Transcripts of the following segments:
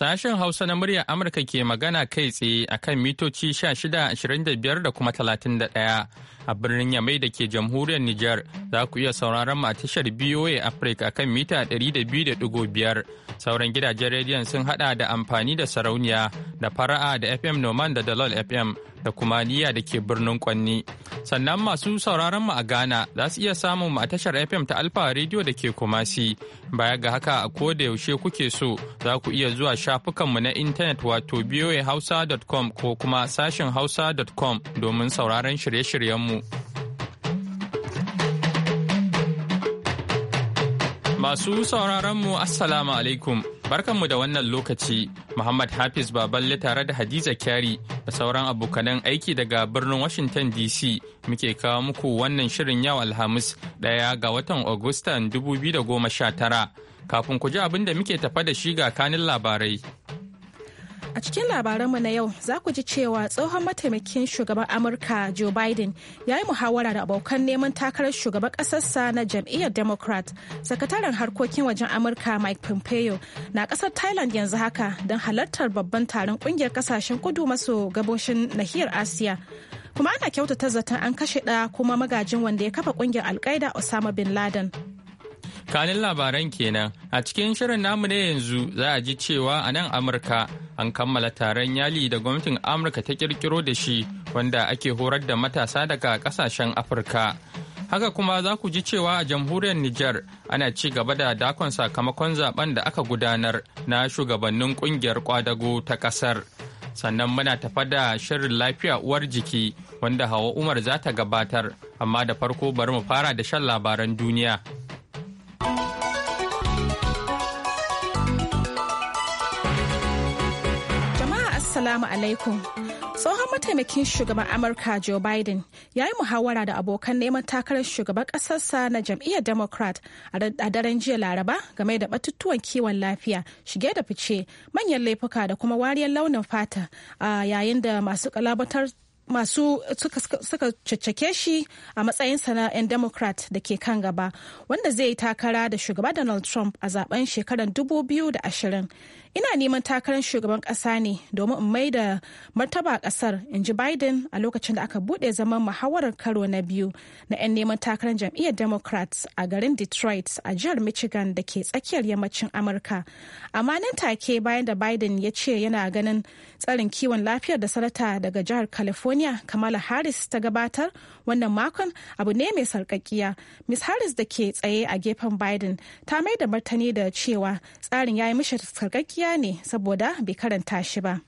Sashen Hausa na muryar Amurka ke magana kai tsaye akan mitoci 16, 25 da kuma 31. a birnin Yamai da ke jamhuriyar Nijar za ku iya sauraron mu a tashar BOA Africa kan mita 200.5 sauran gidajen rediyon sun hada da amfani da sarauniya da fara'a da FM Noman da Dalol FM da kuma niyya da ke birnin Kwanni. Sannan masu sauraron mu a Ghana za su iya samun mu a tashar FM ta Alfa Radio da ke Kumasi. Baya ga haka a da yaushe kuke so za ku iya zuwa shafukanmu na intanet wato boahausa.com ko kuma sashin hausa.com domin sauraron shirye-shiryenmu. Masu sauraronmu Assalamu alaikum, barkanmu da wannan lokaci, Muhammad Hafiz Baballe tare da Hadiza Kyari da sauran abokanan aiki daga birnin Washington DC muke kawo muku wannan shirin yau Alhamis ɗaya ga watan Agustan 2019. Kafin ku ji abin da muke tafa da shi ga kanin labarai. A cikin labaranmu na yau za ku ji cewa tsohon mataimakin shugaban Amurka Joe Biden ya yi muhawara da abokan neman takarar shugaban ƙasarsa na jam'iyyar Democrat. Sakataren harkokin wajen Amurka Mike Pompeo na ƙasar Thailand yanzu haka don halartar babban taron ƙungiyar ƙasashen kudu maso gabashin nahiyar Asiya. Kuma ana kyautata zaton an kashe ɗaya kuma magajin wanda ya kafa ƙungiyar Al-Qaeda Osama Bin Laden. Kanin labaran kenan a cikin shirin namu na yanzu za a ji cewa a nan Amurka an kammala taron yali da gwamnatin Amurka ta kirkiro da shi wanda ake horar da matasa daga kasashen Afirka. Haka kuma za ku ji cewa a jamhuriyar Nijar ana ci gaba da dakon sakamakon zaben da aka gudanar na shugabannin kungiyar kwadago ta kasar. Sannan muna tafa da shirin lafiya uwar jiki wanda Hawa Umar za ta gabatar, amma da farko bari mu fara da shan labaran duniya. Assalamu alaikum. Tsohon mataimakin shugaban Amurka Joe Biden ya yi muhawara da abokan neman takarar shugaban ƙasarsa na jam'iyyar Democrat a daren jiya Laraba game da batutuwan kiwon lafiya, shige da fice, manyan laifuka da kuma wariyar launin fata a yayin da masu kalabatar masu suka caccake shi a matsayin na 'yan democrat da ke kan gaba wanda zai yi takara da shugaba donald trump a zaben shekarar 2020 ina neman takarar shugaban kasa ne domin in mai da martaba kasar in ji biden a lokacin da aka bude zaman muhawarar karo na biyu na 'yan neman takarar jam'iyyar democrats a garin detroit a jihar michigan da ke tsakiyar yammacin amurka amma nan take bayan da biden ya ce yana ganin tsarin kiwon lafiyar da sarata daga jihar california duniya Kamala Harris ta gabatar wannan makon abu ne mai sarkakiya. Ms. Harris da ke tsaye a gefen Biden ta mai da martani da cewa tsarin ya yi mishi sarkakiya ne saboda bai karanta shi ba.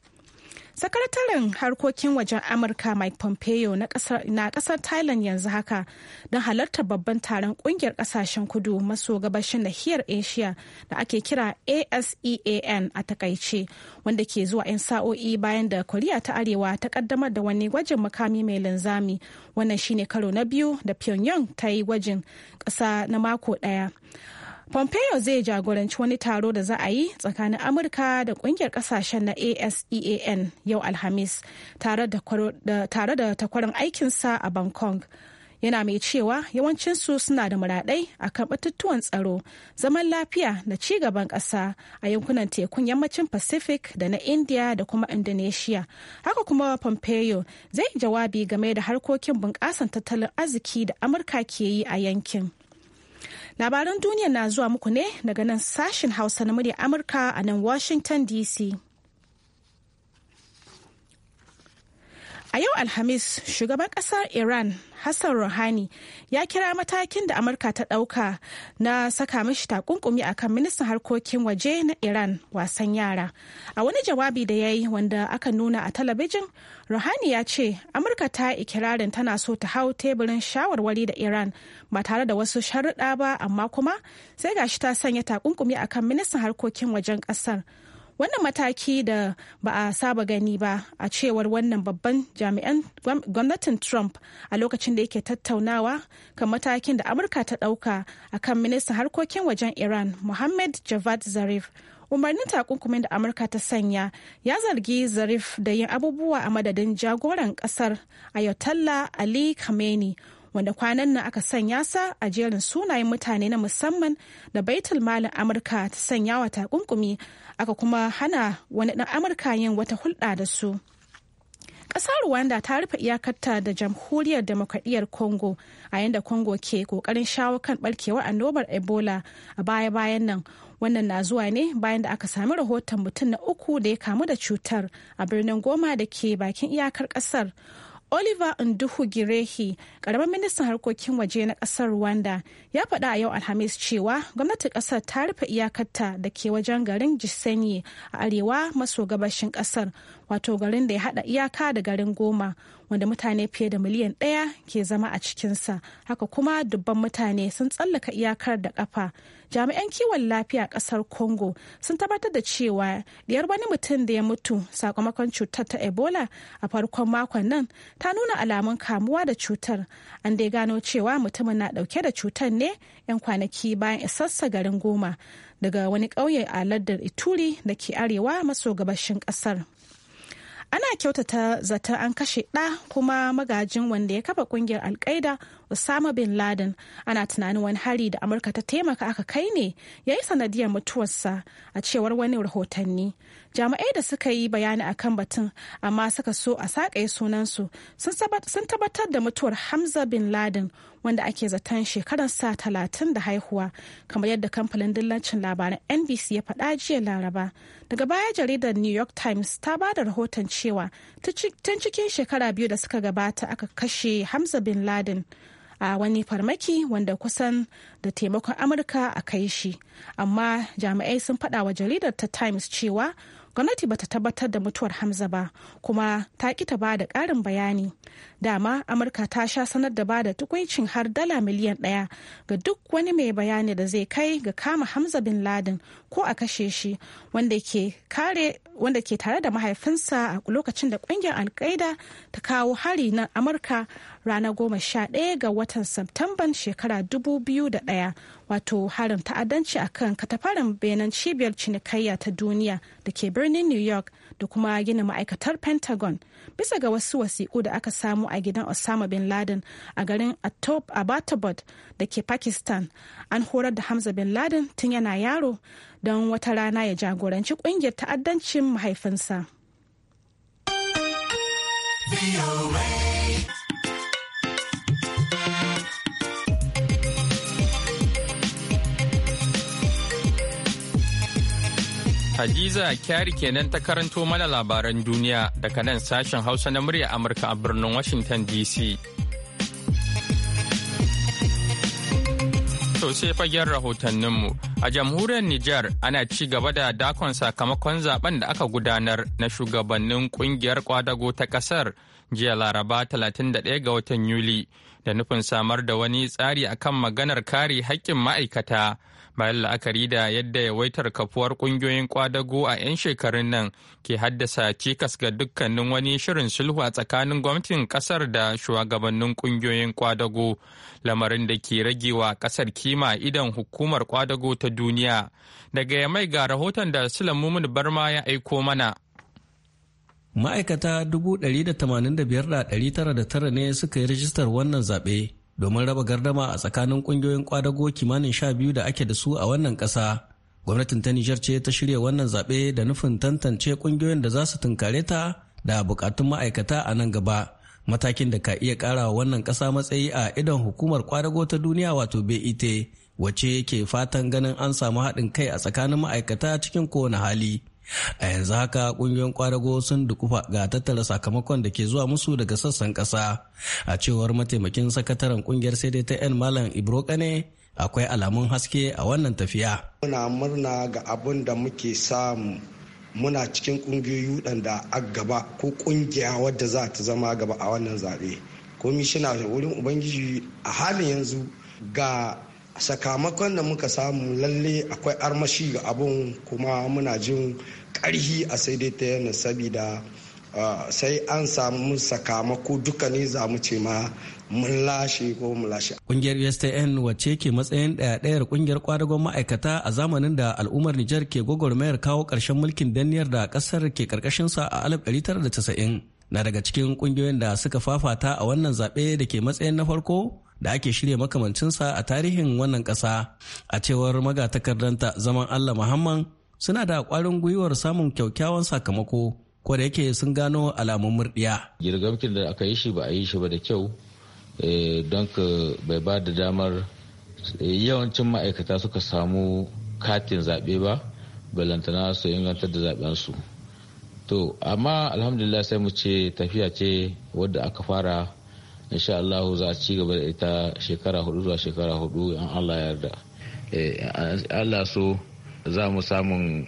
sakataren harkokin wajen amurka mike pompeo na kasar thailand yanzu haka don halartar babban taron kungiyar kasashen kudu maso gabashin nahiyar asia da ake kira asean a takaice wanda ke zuwa 'yan sa'o'i bayan da koriya ta arewa ta kaddamar da wani gwajin makami mai linzami wannan shine karo na biyu da pyongyang ta yi gwajin kasa na mako daya. Pompeo zai jagoranci wani taro da za a yi tsakanin Amurka da kungiyar kasashen na ASEAN yau Alhamis tare da takwarar aikinsa a Bangkok. Yana mai cewa yawancinsu suna da muradai a kan batutuwan tsaro, zaman lafiya da ci gaban ƙasa a yankunan tekun yammacin Pacific da na India da kuma Indonesia. Haka kuma Pompeo zai jawabi game da harkokin bunƙasan tattalin arziki da Amurka ke yi a yankin. Labaran duniya na zuwa muku ne daga nan sashen Hausa na murya Amurka a nan Washington DC. A yau Alhamis, shugaban kasar Iran Hassan Rouhani ya kira matakin da Amurka ta ɗauka na saka mashi takunkumi a kan ministan harkokin waje na Iran wasan yara. A wani jawabi da ya yi wanda aka nuna a talabijin, Rouhani ya ce Amurka ta ikirarin tana so ta hau teburin shawarwari da Iran ba tare da wasu sharuɗa ba amma kuma sai ga shi ta sanya takunkumi a kan ministan harkokin wajen ƙasar. wannan mataki da ba a saba gani ba a cewar wannan babban jami'an gwamnatin trump a lokacin da yake tattaunawa kan matakin da amurka ta ɗauka a kan ministan harkokin wajen iran mohammed javad zarif umarnin takunkumin da amurka ta sanya ya zargi zarif da yin abubuwa a madadin jagoran kasar ayatollah ali khamenei wanda kwanan nan aka sanya sa a jerin sunayen mutane na musamman da baitul malin amurka ta sanya wa takunkumi aka kuma hana wani dan amurka yin wata hulɗa da su ƙasar rwanda ta rufe iyakarta da jamhuriyar demokradiyyar congo a yadda congo ke ƙoƙarin shawo kan ɓarkewar annobar ebola a baya-bayan nan wannan na zuwa ne bayan da aka sami rahoton mutum na uku da ya kamu da cutar a birnin goma da ke bakin iyakar ƙasar Oliver Nduhu Girehi, ƙaramin ministan harkokin waje na ƙasar Rwanda, ya faɗa a yau Alhamis cewa gwamnatin ƙasar ta rufe iyakarta da ke wajen garin Gisenyi a arewa maso gabashin ƙasar, wato garin da ya haɗa iyaka da garin Goma, wanda mutane fiye da miliyan ɗaya ke zama a cikinsa haka kuma dubban mutane sun tsallaka iyakar da ƙafa jami'an kiwon lafiya ƙasar congo sun tabbatar da cewa diyar wani mutum da ya mutu sakamakon cutar ta ebola a farkon makon nan ta nuna alamun kamuwa da cutar an dai gano cewa mutumin na ɗauke da cutar ne 'yan kwanaki bayan isassa garin goma daga wani ƙauye a laddar ituri da ke arewa maso gabashin ƙasar ana kyautata zata an kashe ɗa kuma magajin wanda ya kafa kungiyar alkaida Osama bin Laden ana tunanin wani hari da Amurka ta taimaka aka kai ne ya yi sanadiyar mutuwarsa a cewar wani rahotanni. Jami'ai da suka yi bayani a kan batun amma suka so a saƙaye sunansu sun tabbatar da mutuwar Hamza bin Laden wanda ake zaton shekarar sa talatin da haihuwa kamar yadda kamfanin dillancin labaran NBC ya faɗa jiya Laraba. Daga baya jaridar New York Times ta ba da rahoton cewa tun cikin shekara biyu da suka gabata aka kashe Hamza bin Laden. a wani farmaki wanda kusan da taimakon amurka a kai shi amma jami'ai sun faɗa wa jaridar ta times cewa gwamnati bata tabbatar da mutuwar hamza ba kuma ta ƙi ta ba da ƙarin bayani dama amurka ta sha sanar da bada tukuncin har dala miliyan ɗaya ga duk wani mai bayani da zai kai ga kama hamza bin laden ko a kashe shi wanda ke tare da mahaifinsa a lokacin da ƙungiyar alkaida ta kawo hari na amurka rana goma sha ɗaya ga watan Samtamban shekara dubu biyu da ɗaya wato harin ta'addanci akan katafaren benin cibiyar cinikayya ta duniya da ke birnin New York da kuma gina ma'aikatar pentagon bisa ga wasu wasiƙu da aka samu a gidan osama bin laden a garin abbottabad da ke pakistan an horar da hamza bin laden tun yana yaro don wata rana ya jagoranci ƙungiyar ta'addancin mahaifinsa. Hadiza Kyari kenan ta karanto mana labaran duniya daga nan sashen Hausa na murya Amurka a birnin Washington DC. sosai fagen rahotanninmu a jamhuriyar Nijar ana ci gaba da dakon sakamakon zaben da aka gudanar na shugabannin kungiyar kwadago ta kasar jiya laraba 31 ga watan Yuli da nufin samar da wani tsari akan maganar kare haƙƙin ma'aikata bayan la'akari da yadda yawaitar kafuwar kungiyoyin kwadago a 'yan shekarun nan ke haddasa cikas ga dukkanin wani shirin sulhu a tsakanin gwamnatin kasar da shugabannin kungiyoyin kwadago lamarin da ke rage wa kasar kima idan hukumar kwadago ta duniya daga mai ga rahoton da sulamumin barma ya aiko mana ma'aikata 185,909 ne suka yi rijistar wannan zaɓe domin raba gardama a tsakanin kungiyoyin kwadago kimanin sha biyu da ake da su a wannan ƙasa gwamnatin ta nijar ce ta shirya wannan zaɓe da nufin tantance kungiyoyin da za su tunkare ta da buƙatun ma'aikata a nan gaba matakin da ka iya ƙara wa wannan ƙasa matsayi a idon hukumar kwadago ta duniya wato BIT e wace ke fatan ganin an samu haɗin kai a tsakanin ma'aikata cikin kowane hali a yanzu haka kungiyoyin kwadago sun dukufa ga tattara sakamakon da ke zuwa musu daga sassan kasa a cewar mataimakin sakataren kungiyar sai dai ta yan malam ibro kane akwai alamun haske a wannan tafiya muna murna ga abin da muke samu muna cikin kungiyoyi da a gaba ko kungiya wadda za ta zama gaba a wannan zaɓe komishina da wurin ubangiji a halin yanzu ga sakamakon da muka samu lalle akwai armashi ga abun kuma muna jin karhi a sai dai ta yana sabida sai an samu sakamako duka ne za mu ce ma mun lashe ko mun lashe. Kungiyar USTN wacce ke matsayin ɗaya-ɗayar kungiyar kwadagon ma'aikata a zamanin da al'ummar Nijar ke gwagwarmayar kawo ƙarshen mulkin danniyar da ƙasar ke ƙarƙashinsa a tara da casa'in na daga cikin kungiyoyin da suka fafata a wannan zaɓe da ke matsayin na farko da ake shirya makamancinsa a tarihin wannan ƙasa a cewar magatakardanta zaman Allah Muhammad suna da kwarin gwiwar samun kyakkyawan sakamako ko da yake sun gano alamun murdiya. girgamkin da aka yi shi ba a yi shi ba da kyau eh, don ka bai ba da damar eh, yawancin ma'aikata suka samu katin zaɓe ba balantana su ingantar da zaɓensu to amma alhamdulillah sai mu ce tafiya ce wadda aka fara insha Allah za a ci gaba da ita shekara hudu zuwa shekara hudu in Allah yarda eh, Allah so za mu samun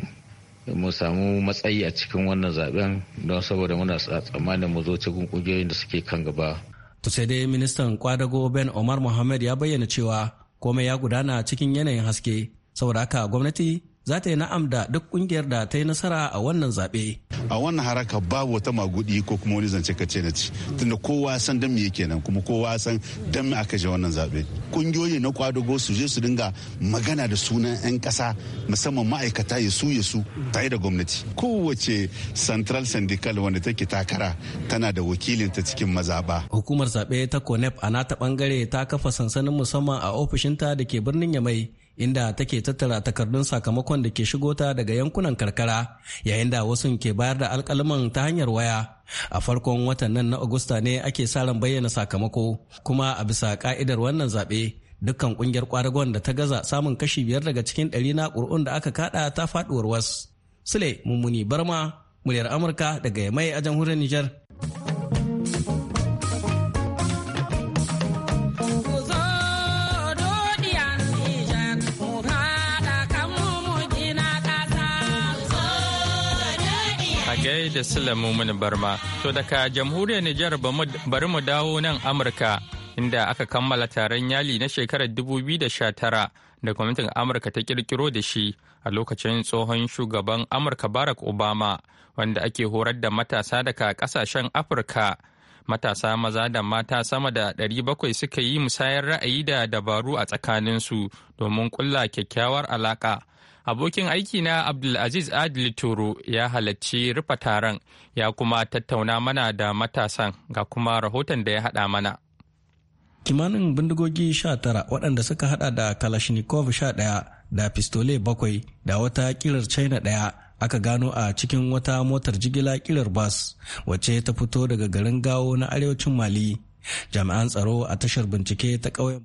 mu samu matsayi a cikin wannan zaben don saboda muna tsammanin mu zo cikin kungiyoyin da suke kan gaba. To sai dai ministan kwadago Ben Omar Mohammed ya bayyana cewa komai ya gudana cikin yanayin haske saboda haka gwamnati za ta yi na'am da duk kungiyar da ta yi nasara a wannan zaɓe. A wannan haraka babu wata magudi ko kuma wani zance kace na ci tunda kowa san dan me yake kuma kowa san dan me aka je wannan zaɓe. Kungiyoyi na kwadugo su je su dinga magana da sunan 'yan ƙasa musamman ma'aikata ya su ya su tare da gwamnati. Kowace central syndical wanda take takara tana da wakilin ta cikin mazaba Hukumar zaɓe ta CONEP a nata bangare ta kafa sansanin musamman a ofishinta da ke birnin Yamai. inda take tattara takardun sakamakon da ke shigo ta daga yankunan karkara yayin da wasu ke bayar da alkalaman ta hanyar waya a farkon watan nan na agusta ne ake sa ran bayyana sakamako kuma a bisa ka'idar wannan zaɓe dukkan kungiyar kwadagon da ta gaza samun kashi biyar daga cikin ɗari na ƙuri'un da aka kaɗa ta faɗuwar wasu sule mummuni barma muryar amurka daga mai a jamhuriyar nijar. da Sulamu Mini Barma. To daga jamhuriyar Nijar bari mu dawo nan Amurka inda aka kammala taron yali na shekarar 2019 da gwamnatin Amurka ta kirkiro da shi a lokacin tsohon shugaban Amurka Barack Obama wanda ake horar da matasa daga kasashen Afirka. Matasa maza da mata sama da 700 suka yi musayar ra'ayi da dabaru a tsakaninsu domin ƙulla kyakkyawar alaka. Abokin aiki na Abdulaziz Adil toro ya halarci rufe taron ya kuma tattauna mana da matasan ga kuma rahoton da ya hada mana. Kimanin bindigogi 19 waɗanda suka hada da Kalashnikov 11 da pistole 7 da wata kirar China ɗaya aka gano a cikin wata motar jigila kirar bas wacce ta fito daga garin gawo na arewacin mali jami'an tsaro a tashar bincike ta ƙauyen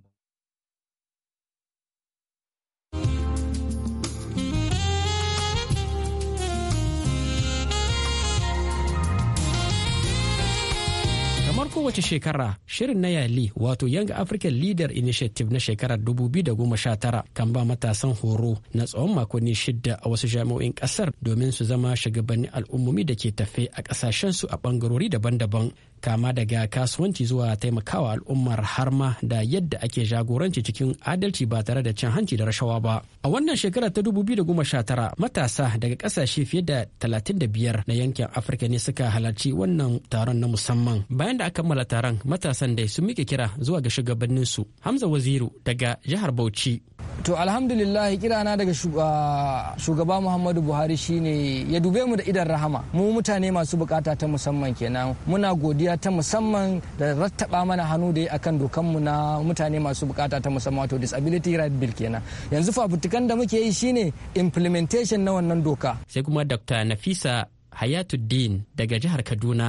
kowace shekara shirin na yali wato young african leader initiative na shekarar 2019 kan ba matasan horo na tsawon makonni shidda a wasu jami'o'in kasar domin su zama shugabannin al'ummomi da ke tafe a kasashensu a bangarori daban-daban kama daga kasuwanci zuwa taimakawa al'ummar har ma da yadda ake jagoranci cikin adalci ba tare da cin hanci da rashawa ba. A wannan shekarar ta 2019 matasa daga kasashe fiye da 35 na yankin Afirka ne suka halarci wannan taron na musamman bayan da aka kammala taron matasan dai sun miƙe kira zuwa ga shugabanninsu hamza waziru daga jihar bauchi to alhamdulillah kirana daga ah, shugaba muhammadu buhari shine ya dube mu da idan rahama mu mutane masu bukata ta musamman kenan muna godiya ta musamman da rattaba mana hannu da akan dokanmu na mutane masu bukata ta musamman to disability right bill kenan yanzu fafutukan da muke yi shine implementation na wannan doka sai kuma dr nafisa hayatuddin daga jihar kaduna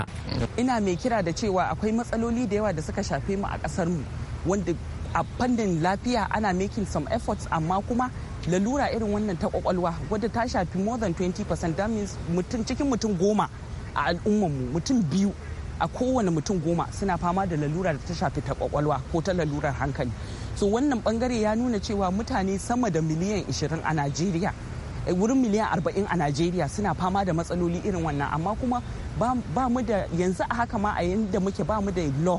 ina mai kira da cewa akwai matsaloli da yawa da suka shafe mu a ƙasar mu wanda a fannin lafiya ana making some efforts amma kuma lalura irin wannan ta kwakwalwa wadda ta shafi more than 20% that means mutum cikin mutum goma a al'ummar mu mutum biyu a kowane mutum goma suna fama da lalura da ta shafi ta kwakwalwa ko ta lalurar hankali so wannan bangare ya nuna cewa mutane sama da miliyan 20 a najeriya Eh, wurin miliyan arba'in a najeriya suna fama da matsaloli irin wannan amma kuma ba mu da yanzu a haka ma a yadda muke ba mu da law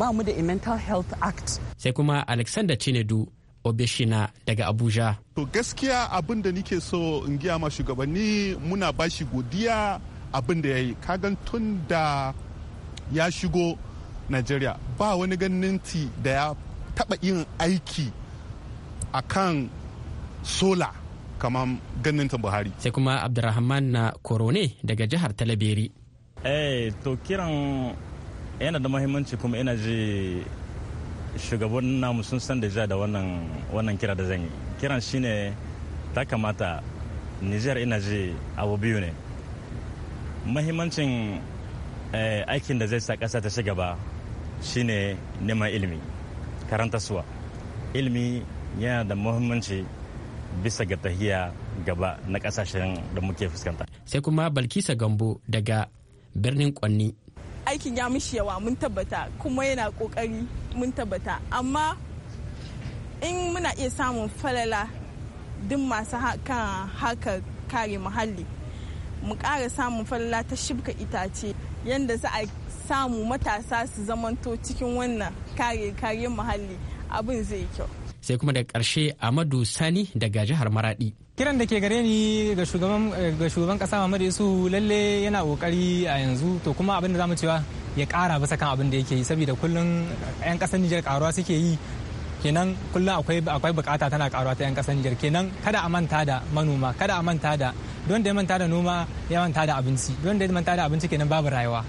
ba mu da mental health act sai kuma alexander chinedu obeshina daga abuja to gaskiya abin da nike so in giya ma shugabanni muna bashi godiya abin da ya yi kagan tun da ya shigo Najeriya ba wani ganinti da ya taba yin aiki a kan sola kamar ganin ta buhari sai kuma abdurrahman na korone daga jihar talabiri eh to kiran yana da mahimmanci kuma ina ji shugaban namu sun san da ja da wannan wannan kira da zan yi kiran shine ta kamata nijar ina ji abu biyu ne mahimmancin eh, aikin da zai sa ƙasa ta ci gaba shine neman ilimi karanta suwa ilimi yana da muhimmanci bisa ga tahiya gaba na kasashen da muke fuskanta. Sai kuma Balkisa Gambo daga birnin Kwanni. Aikin ya mishi yawa mun tabbata kuma yana kokari mun tabbata amma in muna iya samun falala duk masu kan haka kare muhalli mu ƙara samun falala ta shibka itace yadda za a samu matasa su zamanto cikin wannan kare kare muhalli abin zai kyau. sai kuma daga ƙarshe amadu sani daga jihar maradi kiran da ke gare ni ga shugaban ga shugaban kasa Muhammadu Isu lalle yana kokari a yanzu to kuma abin da zamu cewa ya kara bisa kan abin da yake yi saboda kullun yan kasar Nijar karuwa suke yi kenan kullun akwai akwai bukata tana karuwa ta yan kasar Nijar kenan kada a manta da manoma kada a manta da don da ya manta da noma ya manta da abinci don da ya manta da abinci kenan babu rayuwa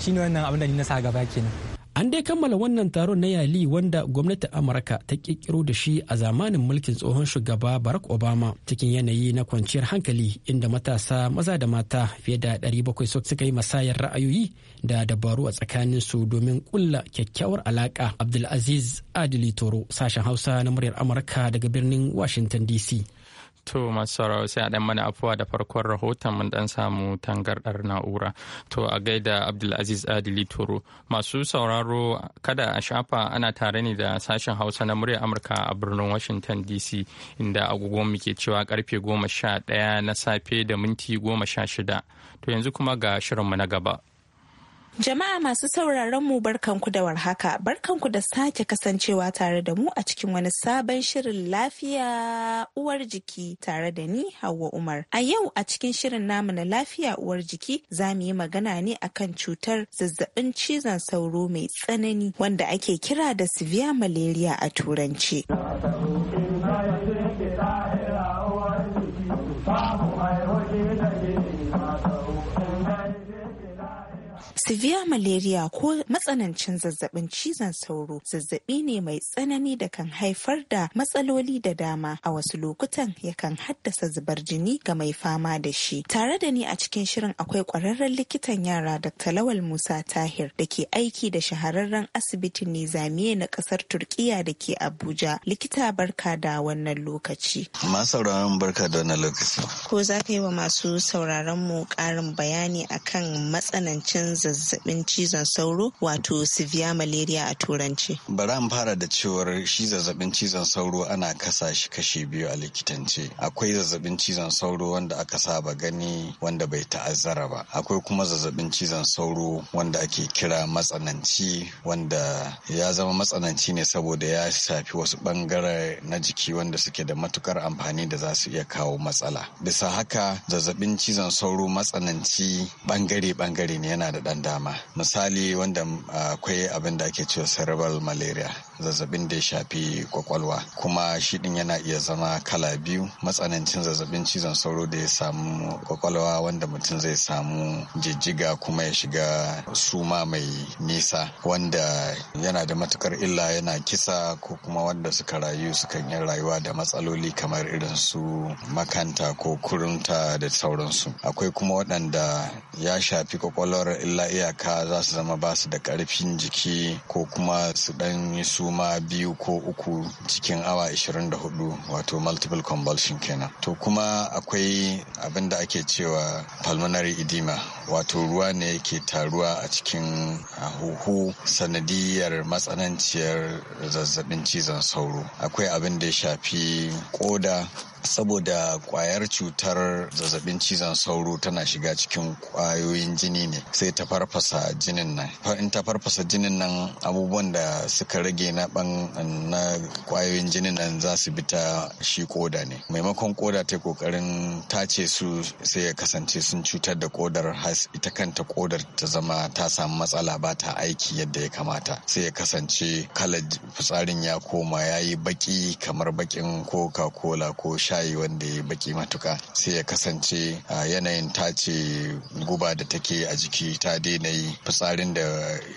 shine wannan abin da ni na sa gaba kenan An dai kammala wannan taron na Yali wanda gwamnatin Amurka ta kirkiro da shi a zamanin mulkin tsohon shugaba Barack Obama cikin yanayi na kwanciyar hankali inda matasa maza da mata fiye da 700 suka yi masayar ra'ayoyi da dabaru a tsakanin su domin kulla kyakkyawar alaka. Abdulaziz Adili Toro sashen Hausa na muryar Amurka daga birnin Washington DC. To masu sauraro sai a ɗan mana afuwa da farkon rahoton mun dan samu tangardar na'ura. To a gaida Abdulaziz Adili Toro. Masu sauraro kada a shafa ana tare ne da sashen Hausa na murya Amurka a birnin Washington DC inda agogo muke cewa karfe goma sha ɗaya na safe da minti goma sha shida. To yanzu kuma ga shirinmu na gaba. Jama'a masu sauraron mu barkanku da warhaka, barkanku da sake kasancewa tare da mu a cikin wani sabon shirin lafiya uwar jiki tare da ni Hauwa Umar. A yau a cikin shirin namu na lafiya uwar jiki za mu yi magana ne akan cutar zazzabin cizon sauro mai tsanani wanda ake kira da severe malaria a turanci. Severe malaria ko matsanancin zazzabin cizon sauro zazzabi ne mai tsanani da kan haifar da matsaloli da dama a wasu lokutan yakan haddasa zubar jini ga mai fama da shi. Tare da ni a cikin shirin akwai kwararren likitan yara Dr. Lawal Musa Tahir da ke aiki da shahararren asibitin Nizamiye na kasar Turkiya da ke Abuja. Likita barka da wannan lokaci. Ko za ka yi wa masu sauraron mu ƙarin bayani akan matsanancin zazzabin zazzabin cizon sauro wato severe malaria a turanci. Bari an fara da cewar shi zazzabin cizon sauro ana kasa shi kashe biyu a likitance. Akwai zazzabin cizon sauro wanda aka saba gani wanda bai ta'azzara ba. Akwai kuma zazzabin cizon sauro wanda ake kira matsananci wanda ya zama matsananci ne saboda ya shafi wasu bangare na jiki wanda suke da matukar amfani da za su iya kawo matsala. Bisa haka zazzabin cizon sauro matsananci bangare-bangare ne yana da abubuwan dama misali wanda ah, akwai abin da ake cewa cerebral malaria zazzabin da ya shafi kwakwalwa kuma shi din yana iya zama kala biyu matsanancin zazzabin cizon sauro da ya samu kwakwalwa wanda mutum zai samu jijjiga kuma ya shiga suma mai nisa wanda yana da matukar illa yana kisa ko kuma wanda suka rayu sukan yi rayuwa da matsaloli kamar irin su makanta ko kurunta da sauransu akwai kuma waɗanda ya shafi kwakwalwar illa iyaka za su zama ba su da karfin jiki ko kuma su dan suma biyu ko uku cikin awa 24 wato multiple convulsion kenan to kuma akwai abin da ake cewa pulmonary edema wato ruwa ne yake taruwa a cikin huhu sanadiyar matsananciyar zazzabin cizon sauro akwai abin da ya shafi koda saboda kwayar cutar zazzabin cizon sauro tana shiga cikin kwayoyin jini ne sai ta farfasa jinin nan in ta farfasa jinin nan abubuwan da suka rage na ban na kwayoyin jinin nan za su bi ta shi koda ne maimakon koda ta kokarin tace su sai ya kasance sun cutar da kodar has ita kanta kodar ta zama ta samu matsala ba ta aiki yadda ya kamata sai ya kasance kalar fitsarin ya koma ya yi baki kamar bakin coca cola ko shayi wanda ya baki matuka sai ya kasance yanayin tace guba da take a jiki ta daina yi fitsarin da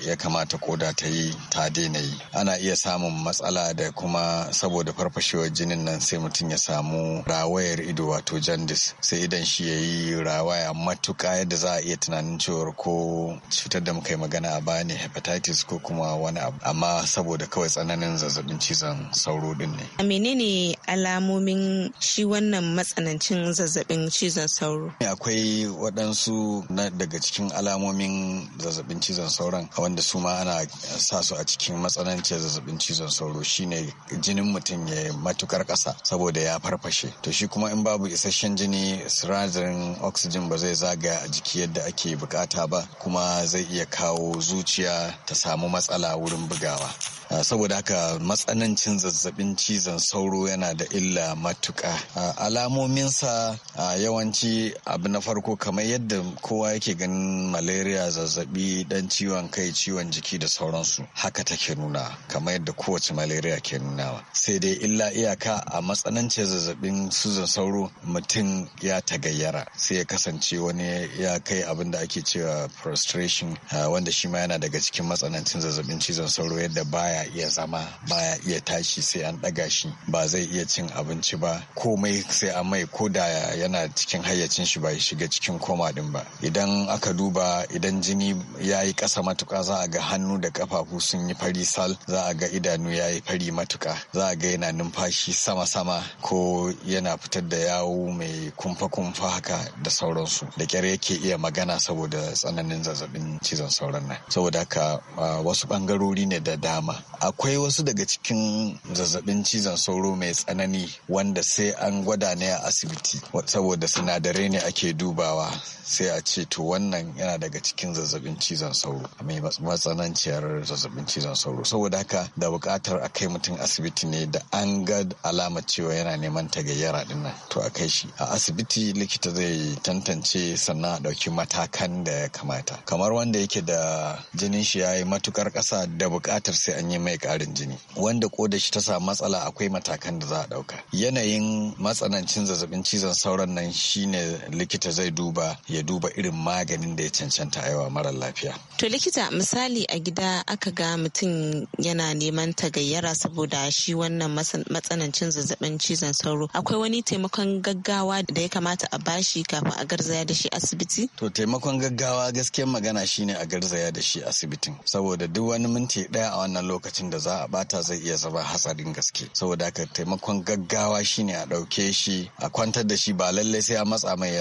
ya kamata koda ta yi ta daina yi ana iya samun matsala da kuma saboda farfashewar jinin nan sai mutum ya samu rawayar ido wato jandis sai idan shi ya yi rawaya matuka yadda za a iya tunanin cewar ko cutar da muka yi magana a baya ne hepatitis ko kuma wani abu amma saboda kawai tsananin zazzabin cizon sauro din ne. A menene alamomin shi wannan matsanancin zazzabin cizon sauro? Akwai waɗansu na daga cikin alamomin zazzabin cizon sauron wanda su ma ana sa su a cikin matsanancin zazzabin cizon sauro shine jinin mutum ya matukar ƙasa saboda ya farfashe to shi kuma in babu isasshen jini sinadarin oxygen ba zai zaga a jiki yadda ake bukata ba kuma zai iya kawo zuciya ta samu matsala wurin bugawa Ah, saboda haka matsanancin zazzabin cizon sauro yana da illa matuka ah, alamominsa ah, yawanci abu na farko kamar yadda kowa yake ganin malaria zazzabi dan ciwon kai ciwon jiki da sauransu haka take nuna kamar yadda kowace malaria ke nunawa sai dai illa iyaka a matsanancin zazzabin cizon sauro mutum ya tagayyara sai ya kasance wani ya kai abin da ake cewa prostration wanda shi ma yana daga cikin matsanancin zazzabin cizon sauro yadda baya iya zama baya iya tashi sai an ɗaga shi ba zai iya cin abinci ba komai sai a mai ko da yana cikin hayyacin shi ba ya shiga cikin koma din ba idan aka duba idan jini ya yi ƙasa matuƙa za a ga hannu da ƙafafu sun yi fari sal za a ga idanu ya yi fari matuƙa za a ga yana numfashi sama-sama ko yana fitar da yawo mai kumfa-kumfa haka da sauransu da kyar yake iya magana saboda tsananin zazzabin cizon sauran nan saboda haka wasu ɓangarori ne da dama akwai wasu daga cikin zazzabin cizon sauro mai tsanani wanda sai an gwada ne a asibiti saboda sinadarai ne ake dubawa sai a ce to wannan yana daga cikin zazzabin cizon sauro mai matsananciyar zazzabin cizon sauro saboda haka da bukatar a kai mutum asibiti ne da an ga alamar cewa yana neman tagayyara din nan to a kai shi a asibiti likita zai tantance sannan a ɗauki matakan da ya kamata kamar wanda yake da jinin shi ya yi matukar ƙasa da bukatar sai an yi mai mai karin jini wanda koda shi ta samu matsala akwai matakan da za a dauka yanayin matsanancin zazzabin cizon sauron nan shine likita zai duba ya duba irin maganin da ya cancanta yawa mara lafiya to likita misali a gida aka ga mutum yana neman tagayyara saboda shi wannan matsanancin zazzabin cizon sauro akwai wani taimakon gaggawa da ya kamata a bashi kafin a garzaya da shi asibiti to taimakon gaggawa gaskiyar magana shine a garzaya da shi asibitin saboda duk wani minti daya a wannan lokacin lokacin da za a bata zai iya zama hatsarin gaske saboda haka taimakon gaggawa shine a ɗauke shi a kwantar da shi ba lallai sai a matsa mai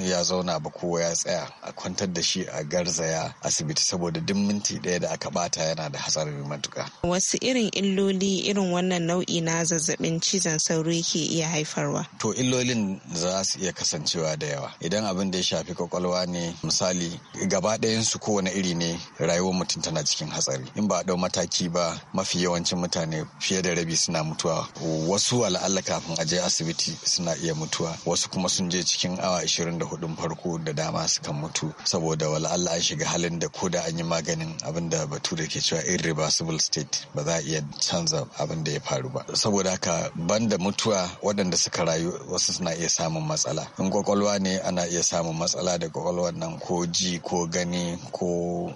ya zauna ba ko ya tsaya a kwantar da shi a garzaya asibiti saboda duk minti ɗaya da aka bata yana da hatsarin matuka wasu irin illoli irin wannan nau'i na zazzabin cizon sauro yake iya haifarwa to illolin za su iya kasancewa da yawa idan abin da ya shafi kwakwalwa ne misali gaba ɗayan su kowane iri ne rayuwar mutum tana cikin hatsari in ba a ɗau mataki ba mafi yawancin mutane fiye da rabi suna mutuwa wasu al'alla kafin a je asibiti suna iya mutuwa wasu kuma sun je cikin awa 24 farko da dama sukan mutu saboda wala'alla an shiga halin da ko da an yi maganin abin da da ke cewa irreversible state ba za a iya canza abin da ya faru ba saboda haka banda mutuwa waɗanda suka rayu wasu suna iya samun matsala in kwakwalwa ne ana iya samun matsala da kwakwalwa nan ko ji ko gani ko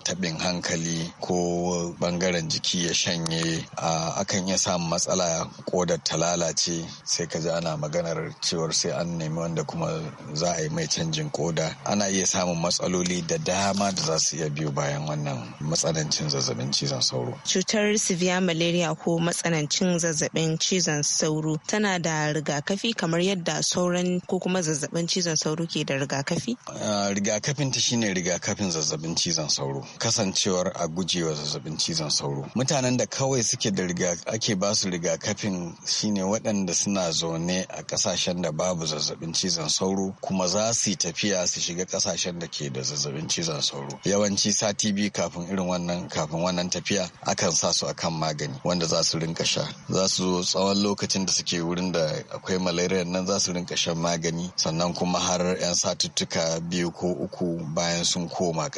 taɓin hankali ko bangaren jiki ya shanye akan iya samu matsala kodar ta lalace sai ka ji ana maganar cewar sai an nemi wanda kuma za a yi mai canjin koda ana iya samun matsaloli da dama da za su iya biyo bayan wannan matsanancin zazzabin cizon sauro cutar severe malaria ko matsanancin zazzabin cizon sauro tana da rigakafi kamar yadda sauran ko kuma zazzabin cizon sauro ke da rigakafi rigakafin ta shine rigakafin zazzabin cizon sauro kasancewar a gujewa zazzabin cizon sauro mutanen waɗanda kawai suke da riga ake ba su rigakafin shine waɗanda suna zaune a ƙasashen da babu zazzabin cizon sauro kuma za su yi tafiya su shiga ƙasashen da ke da zazzabin cizon sauro yawanci sati biyu kafin irin wannan kafin wannan tafiya akan sa su akan magani wanda za su rinka sha za su zo tsawon lokacin da suke wurin da akwai malaria nan za su rinka shan magani sannan kuma har 'yan satuttuka biyu ko uku bayan sun koma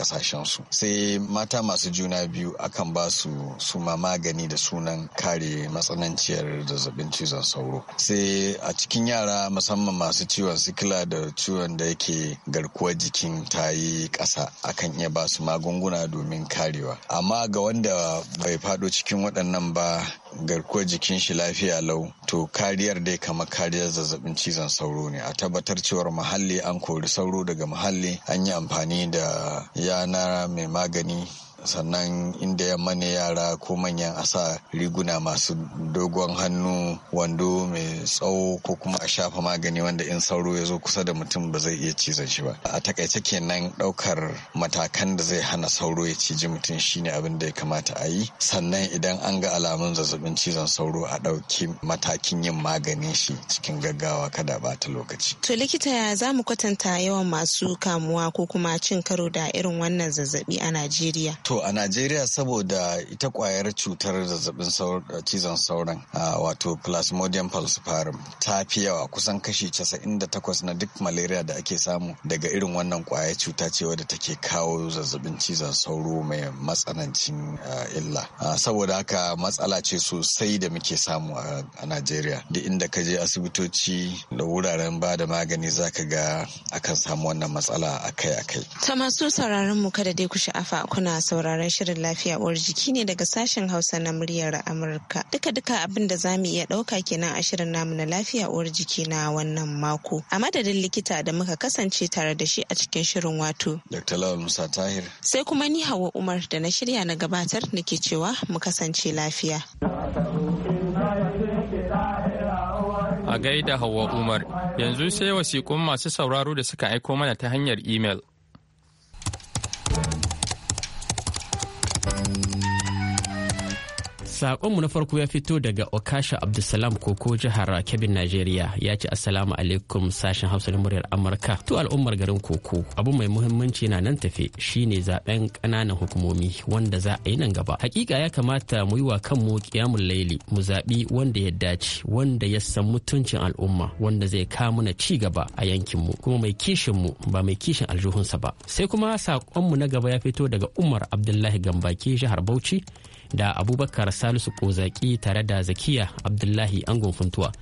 su sai mata masu juna biyu akan ba su su mama magani da sunan kare matsananciyar zazzabin cizon sauro sai a cikin yara musamman masu ciwon sikila da ciwon da yake garkuwar jikin ta yi ƙasa akan iya ba su magunguna domin karewa amma ga wanda bai faɗo cikin waɗannan ba garkuwar jikin shi lafiya lau to kariyar dai kama kariyar zazzabin cizon sauro ne a tabbatar cewar muhalli an kori sauro daga muhalli an yi amfani da yana mai magani sannan inda yamma ne yara ko manyan a sa riguna masu dogon hannu wando mai tsawo ko kuma a shafa magani wanda in sauro ya zo kusa da mutum ba zai iya cizon shi ba a takaice kenan ɗaukar matakan da zai hana sauro ya ciji mutum shine abin da ya kamata a yi sannan idan an ga alamun zazzabin cizon sauro a ɗauki matakin yin maganin shi cikin gaggawa kada bata lokaci to likita ya za mu kwatanta yawan masu kamuwa ko kuma cin karo da irin wannan zazzabi a najeriya To a Najeriya saboda ita kwayar cutar zazzabin cizon sauran wato Plasmodium falciparum ta fi yawa kusan kashi 98 na duk malaria da ake samu daga irin wannan kwayar cuta ce wadda take kawo zazzabin cizon sauro mai matsanancin illa. Saboda haka matsala ce sosai da muke samu a Najeriya. da inda ka je asibitoci da wuraren ba da magani za ka ga akan samu wannan matsala akai-akai. Ta masu sauraron mu kada dai ku sha'afa kuna sauraron sauraron shirin lafiya uwar jiki ne daga sashen Hausa na muryar Amurka. Duka-duka abin da zamu iya dauka kenan a shirin namu na lafiya uwar jiki na wannan mako. A madadin likita da muka kasance tare da shi a cikin shirin wato. Dr. Lawal Musa Tahir. Sai kuma ni Hawa Umar da na shirya na gabatar nake cewa mu kasance lafiya. A gaida Hawa Umar, yanzu sai wasiƙun masu sauraro da suka aiko mana ta hanyar imel. saƙonmu na farko ya fito daga Okasha Abdulsalam Koko jihar Kebbi Najeriya ya ce Assalamu alaikum sashen Hausa na muryar Amurka. To al'ummar garin Koko abu mai muhimmanci na nan tafe shine zaben ƙananan hukumomi wanda za a yi nan gaba. Hakika ya kamata mu yi wa kanmu kiyamun laili mu zaɓi wanda ya dace wanda ya san mutuncin al'umma wanda zai kawo mana ci gaba a yankinmu kuma mai kishin mu ba mai kishin aljuhunsa ba. Sai kuma saƙonmu na gaba ya fito daga Umar Abdullahi Gambaki jihar Bauchi da abubakar salisu kozaki tare da zakiya abdullahi angon funtuwa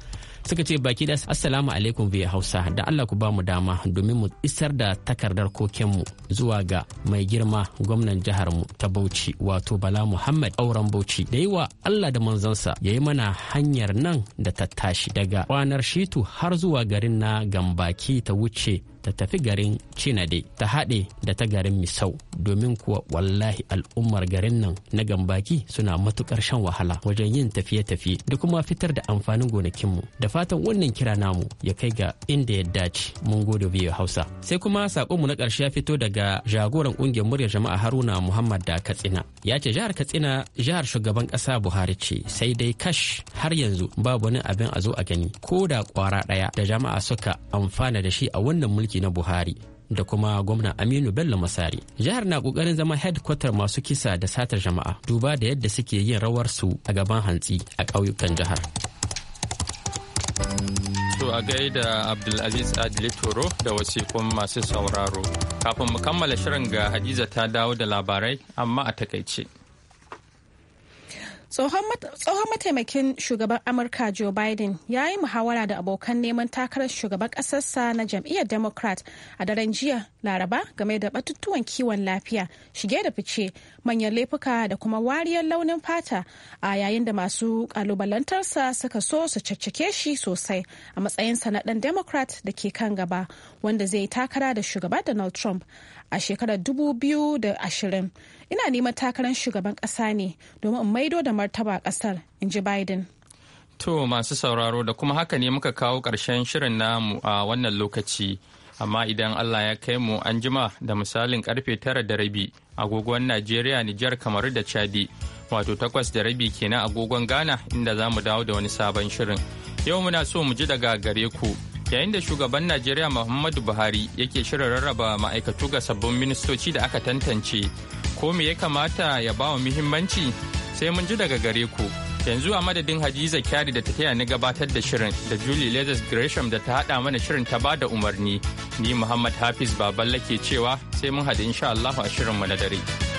suka ce baki da assalamu alaikum biya hausa da allah ku bamu dama domin mu isar da takardar kokenmu zuwa ga mai girma gwamnan jihar mu ta bauchi wato bala muhammad auren bauchi da yi wa allah da manzansa ya yi mana hanyar nan da ta tashi daga kwanar shitu har zuwa garin na gambaki ta wuce ta tafi garin Cinade ta haɗe da ta garin Misau domin kuwa wallahi al'ummar garin nan na gambaki suna matukar shan wahala wajen yin tafiye-tafiye da kuma fitar da amfanin gonakinmu da fatan wannan kira namu ya kai ga inda ya dace mun gode biyu Hausa sai kuma mu na ƙarshe ya fito daga jagoran ƙungiyar muryar jama'a Haruna Muhammad da Katsina ya ce jihar Katsina jihar shugaban ƙasa Buhari ce sai dai kash har yanzu babu wani abin a zo a gani ko da kwara ɗaya da jama'a suka amfana da shi a wannan mulki mulki na buhari da kuma gwamna aminu bello masari jihar na kokarin zama headquarter masu kisa da satar jama'a duba da yadda suke yin rawar su a gaban hantsi a ƙauyukan jihar to a gaida abdulaziz aziz toro da wasikun masu sauraro kafin mu kammala shirin ga hadiza ta dawo da labarai amma a takaice. Tsohon mataimakin shugaban Amurka Joe Biden ya yi muhawara da abokan neman takarar shugaban ƙasarsa na jam'iyyar Democrat a daren jiya Laraba game da batutuwan kiwon lafiya, shige da fice, manyan laifuka da kuma wariyar launin fata a yayin da masu kalubalantarsa suka so su caccake shi sosai a matsayinsa na ɗan Democrat da ke kan gaba wanda zai takara da shugaba Donald Trump. a shekarar 2020 ina neman takarar shugaban ƙasa ne domin in maido da martaba ƙasar in ji biden to masu sauraro da kuma haka ne muka kawo ƙarshen shirin namu a wannan lokaci amma idan allah ya kai mu an jima da misalin karfe tara da rabi agogon najeriya nijar kamaru da chadi wato takwas da rabi kenan agogon ghana inda za mu dawo da wani sabon shirin yau muna so mu ji daga gare ku yayin da shugaban najeriya muhammadu buhari yake shirin rarraba ma'aikatu ga sabbin ministoci da aka tantance ko me ya kamata ya bawa muhimmanci sai mun ji daga gare ku yanzu a madadin hajiza kyari da ta taya ni gabatar da shirin da julie leathers gresham da ta haɗa mana shirin ta bada umarni ni muhammad hafiz baballa ke cewa sai mun haɗu insha allahu a shirinmu na dare.